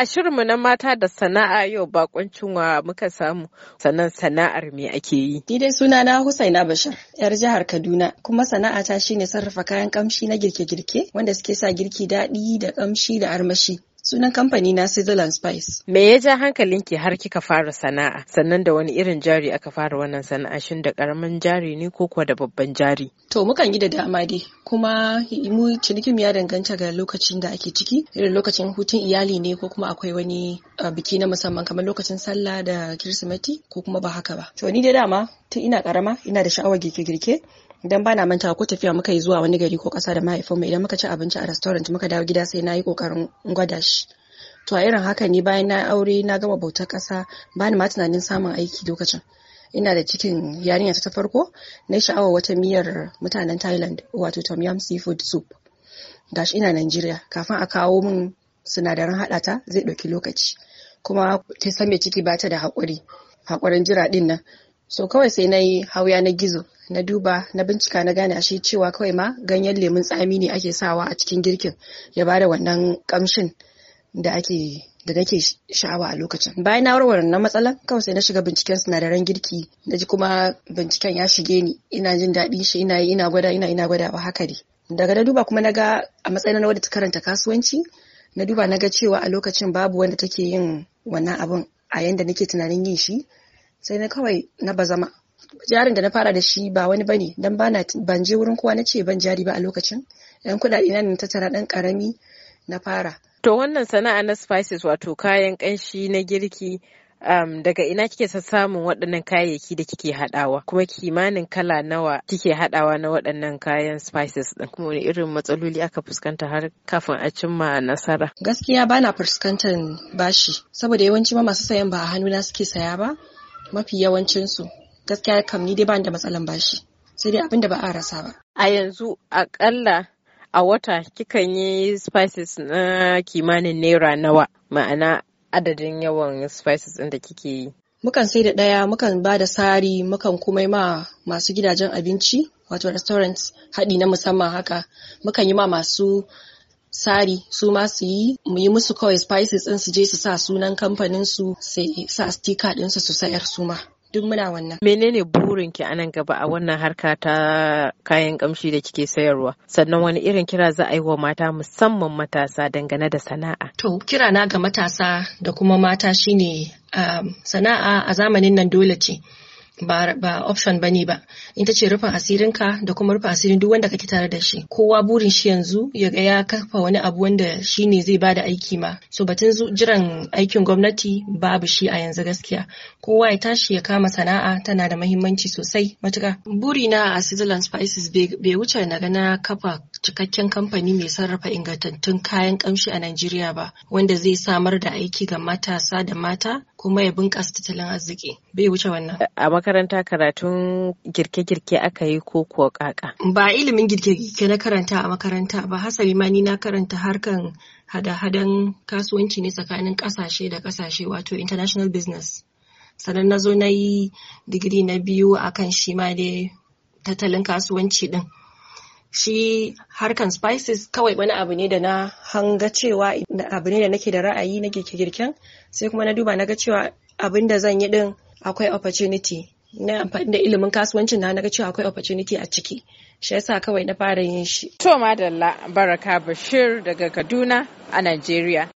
A shirinmu na mata da sana'a yau bakoncin wa muka samu sannan sana'ar me ake yi. Ni dai suna na Husaina Bashir, yar jihar Kaduna, kuma sana'ata shine sarrafa kayan kamshi na girke-girke wanda suke sa girki daɗi da kamshi da armashi. Sunan kamfani na and Spice. Me ya ja hankalin ki har kika fara sana'a? Sannan da wani irin jari aka fara wannan sana'a shin da karamin jari ne ko kuwa da babban jari? To mukan yi da dama dai kuma mu cinikin ya danganta ga lokacin da ake ciki irin lokacin hutun iyali ne ko kuma akwai wani biki na musamman kamar lokacin sallah da kirsimeti ko kuma ba haka ba. To ni da dama tun ina karama ina da sha'awar girke-girke Idan bana manta ko tafiya muka yi zuwa wani gari ko kasa da mu idan muka ci abinci a restaurant muka dawo gida sai na yi ƙoƙarin gwada shi to a irin haka ne bayan na aure na gama bautar kasa bani ma tunanin samun aiki lokacin ina da cikin yarinya ta farko na sha'awa wata miyar mutanen thailand wato tom yam seafood soup gashi ina Najeriya kafin a kawo min sinadaran haɗata, zai ɗauki lokaci kuma ta san mai ciki bata da haƙuri haƙurin jira ɗin nan so kawai sai na yi hauya na gizo na duba na bincika na gane ashe cewa kawai ma ganyen lemun tsami ne ake sawa a cikin girkin ya ba da wannan kamshin da ake da nake sha'awa a lokacin bayan na warware na matsalan kawai sai na shiga binciken sinadaran girki na ji kuma binciken ya shige ni ina jin daɗin shi ina yi ina gwada ina ina gwada ba haka ne daga na duba kuma na ga a matsayin na wadda ta karanta kasuwanci na duba na ga cewa a lokacin babu wanda take yin wannan abun a yanda nake tunanin yin shi sai na kawai na bazama jarin da na fara da shi ba wani bane dan bana ban je wurin kowa nace ban jari ba a lokacin yan nan ta tara dan karami na fara to wannan sana'a na spices wato kayan kanshi na girki um, daga ina kike samun waɗannan kayayyaki da kike haɗawa kuma kimanin kala nawa kike haɗawa na waɗannan kayan spices ɗin kuma wani irin matsaloli aka fuskanta har kafin a cimma nasara gaskiya bana fuskantar bashi saboda yawanci ma masu sayan ba a hannu na suke saya ba mafi yawancinsu gaskiya kam ni dai ba da matsalan bashi sai dai abinda da ba a rasa ba a yanzu akalla a wata kikan yi spices na kimanin naira nawa ma'ana adadin yawan spices ɗin da kike yi mukan sai da ɗaya mukan ba da sari mukan kuma ma masu gidajen abinci wato restaurants haɗi na musamman haka mukan yi ma masu sari su ma su yi mu yi musu kawai spices ɗin su je su sa sunan kamfanin su sai sa sticker ɗin su su sayar su ma duk muna wannan. Menene burin a nan gaba a wannan harka ta kayan kamshi da kike sayarwa? Sannan wani irin kira za a yi wa mata musamman matasa dangane da sana'a? To, kira na ga matasa da kuma mata shine um, sana'a a zamanin nan dole ce. ba option ba ne ba ita ce rufin asirinka da kuma rufin asirin duk wanda kake tare da shi kowa burin shi yanzu ya ga ya kafa wani abu wanda shi ne zai bada aiki ma so batun jiran aikin gwamnati babu shi a yanzu gaskiya kowa ya tashi ya kama sana'a tana da mahimmanci sosai matuka buri na a Switzerland Spices bai wuce na ga na kafa cikakken kamfani mai sarrafa ingantattun kayan kamshi a Najeriya ba, wanda zai samar da aiki ga matasa da mata kuma ya bunƙasa tattalin arziki. Bai wuce wannan. A makaranta karatun girke-girke aka yi ko kuwa kaka? Ba ilimin girke-girke na karanta a makaranta ba, hasali ma ni na karanta harkan hada-hadan kasuwanci ne tsakanin ƙasashe da ƙasashe wato international business. sannan na zo na yi digiri na biyu akan kan shi ma dai tattalin kasuwanci din shi harkan spices kawai wani abu ne da na hanga cewa abu ne da nake da ra'ayi na girke girken sai kuma na duba na ga cewa abin da zan yi din akwai opportunity na amfani da ilimin kasuwancin na na ga cewa akwai opportunity a ciki shi yasa kawai na fara yin shi to madalla baraka bashir daga kaduna a najeriya